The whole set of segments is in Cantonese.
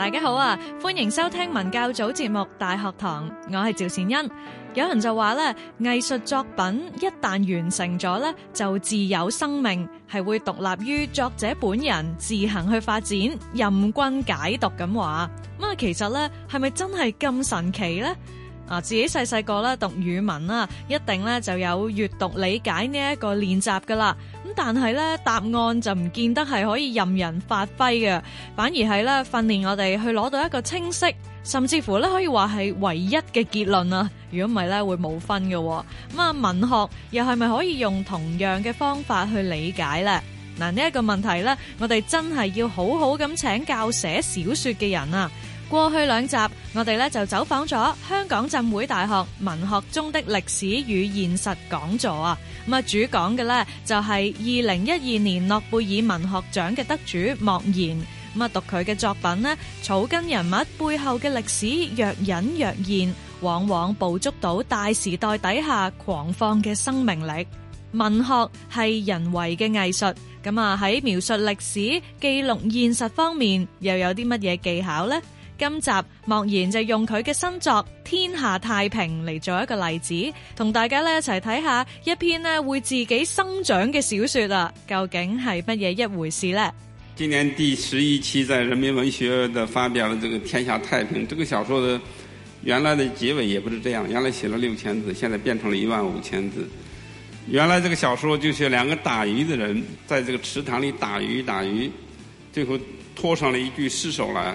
大家好啊，歡迎收聽文教組節目《大學堂》，我係趙善恩。有人就話咧，藝術作品一旦完成咗咧，就自有生命，係會獨立於作者本人自行去發展，任君解讀咁話。咁啊，其實咧，係咪真係咁神奇呢？啊，自己細細個咧讀語文啦，一定咧就有閱讀理解呢一個練習噶啦。咁但係咧答案就唔見得係可以任人發揮嘅，反而係咧訓練我哋去攞到一個清晰，甚至乎咧可以話係唯一嘅結論啊。如果唔係咧會冇分嘅。咁啊，文學又係咪可以用同樣嘅方法去理解咧？嗱呢一個問題咧，我哋真係要好好咁請教寫小說嘅人啊！過去兩集，我哋咧就走訪咗香港浸會大學文學中的歷史與現實講座啊。咁啊，主講嘅咧就係二零一二年諾貝爾文學獎嘅得主莫言。咁啊，讀佢嘅作品呢，草根人物背後嘅歷史若隱若現，往往捕捉到大時代底下狂放嘅生命力。文學係人為嘅藝術，咁啊喺描述歷史、記錄現實方面，又有啲乜嘢技巧呢？今集莫言就用佢嘅新作《天下太平》嚟做一個例子，同大家呢一齊睇下一篇呢會自己生長嘅小說啊。究竟係乜嘢一回事呢？今年第十一期在《人民文學》的發表了這個《天下太平》。這個小說的原來的結尾也不是這樣，原來寫了六千字，現在變成了一萬五千字。原來這個小說就是兩個打魚的人在這個池塘裏打魚打魚，最後拖上了一具屍首來。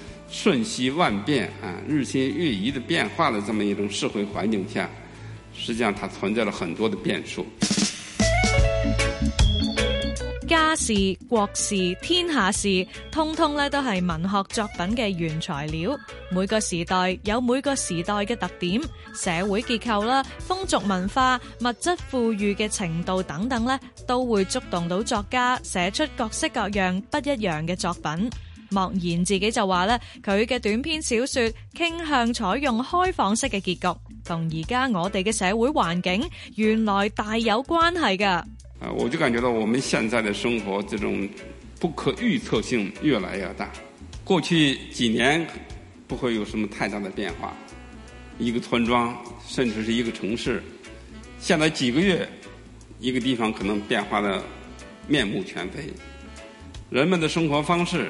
瞬息萬變啊，日新月異的變化的這麼一種社會環境下，實際上它存在了很多的變數。家事、國事、天下事，通通咧都係文學作品嘅原材料。每個時代有每個時代嘅特點，社會結構啦、風俗文化、物質富裕嘅程度等等咧，都會觸動到作家，寫出各式各樣不一樣嘅作品。莫言自己就話咧，佢嘅短篇小說傾向採用開放式嘅結局，同而家我哋嘅社會環境原來大有關係㗎。啊，我就感覺到我們現在嘅生活，這種不可預測性越來越大。過去幾年不會有什麼太大的變化，一個村莊甚至是一個城市，現在幾個月一個地方可能變化得面目全非，人們的生活方式。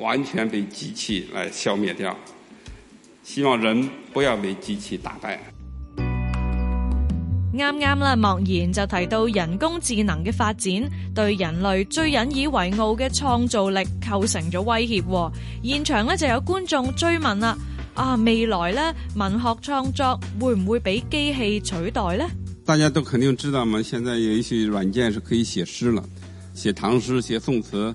完全被機器來消滅掉，希望人不要被機器打敗。啱啱啦，莫言就提到人工智能嘅發展對人類最引以為傲嘅創造力構成咗威脅。現場呢就有觀眾追問啦：「啊，未來呢文學創作會唔會俾機器取代呢？」大家都肯定知道嘛，現在有一些軟件是可以寫詩了，寫唐詩、寫宋詞。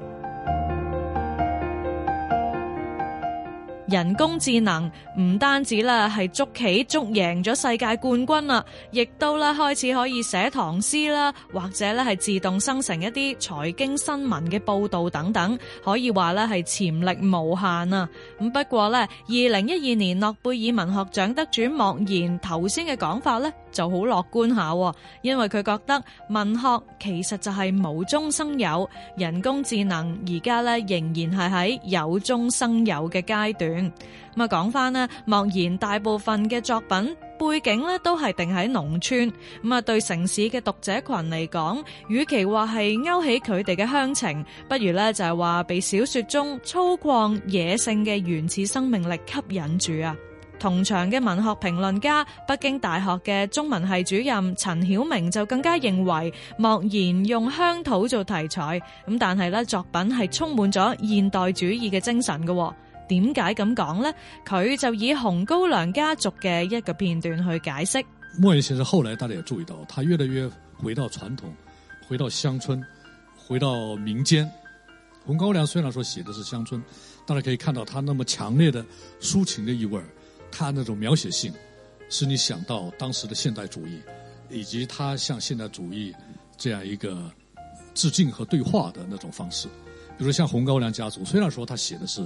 人工智能唔單止啦，係捉棋捉贏咗世界冠軍啊，亦都咧開始可以寫唐詩啦，或者咧係自動生成一啲財經新聞嘅報道等等，可以話咧係潛力無限啊。咁不過咧，二零一二年諾貝爾文學獎得主莫言頭先嘅講法咧就好樂觀下，因為佢覺得文學其實就係無中生有，人工智能而家咧仍然係喺有中生有嘅階段。咁啊，講翻咧莫言大部分嘅作品背景咧都係定喺農村。咁啊，對城市嘅讀者群嚟講，與其話係勾起佢哋嘅鄉情，不如咧就係話被小說中粗獷野性嘅原始生命力吸引住啊。同場嘅文學評論家，北京大學嘅中文系主任陳曉明就更加認為，莫言用鄉土做題材，咁但係咧作品係充滿咗現代主義嘅精神噶。點解咁講呢？佢就以紅高粱家族嘅一個片段去解釋。莫言先生後來大家也注意到，他越來越回到傳統，回到鄉村，回到民間。紅高粱雖然說寫的是鄉村，大家可以看到他那麼強烈的抒情的意味，他那種描寫性，使你想到當時的現代主義，以及他向現代主義這樣一個致敬和對話的那種方式。比如像紅高粱家族，雖然說他寫的是。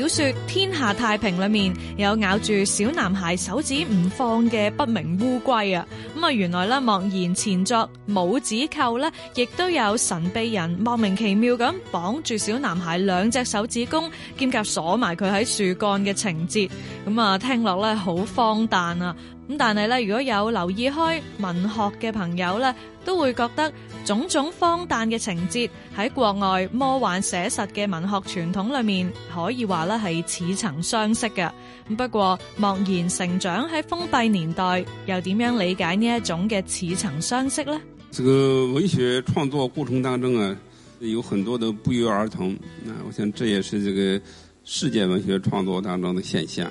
小說《天下太平》裏面有咬住小男孩手指唔放嘅不明烏龜啊！咁啊，原來咧莫言前作《拇指扣》咧，亦都有神秘人莫名其妙咁綁住小男孩兩隻手指公，兼夾鎖埋佢喺樹幹嘅情節。咁啊，聽落咧好荒誕啊！咁但係咧，如果有留意開文學嘅朋友咧，都會覺得種種荒誕嘅情節喺國外魔幻寫實嘅文學傳統裏面，可以話咧係似曾相識嘅。咁不過莫言成長喺封閉年代，又點樣理解呢一種嘅似曾相識呢？這個文學創作過程當中啊，有很多的不約而同，啊，我想這也是這個世界文學創作當中的現象。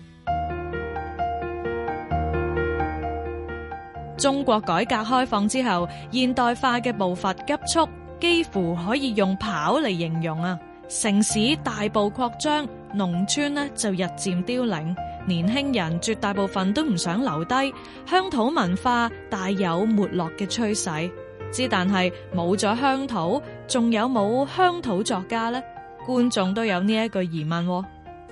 中國改革開放之後，現代化嘅步伐急速，幾乎可以用跑嚟形容啊。城市大步擴張，農村呢就日漸凋零，年輕人絕大部分都唔想留低，鄉土文化大有沒落嘅趨勢。之但係冇咗鄉土，仲有冇鄉土作家呢？觀眾都有呢一句疑問。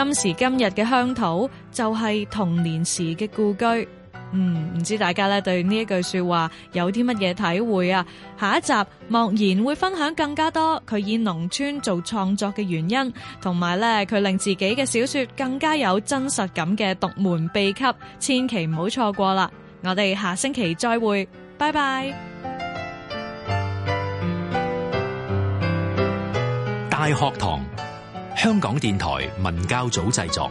今時今日嘅鄉土就係童年時嘅故居，嗯，唔知大家咧對呢一句說話有啲乜嘢體會啊？下一集莫言會分享更加多佢以農村做創作嘅原因，同埋咧佢令自己嘅小說更加有真實感嘅獨門秘笈，千祈唔好錯過啦！我哋下星期再會，拜拜。大學堂。香港電台文教組製作。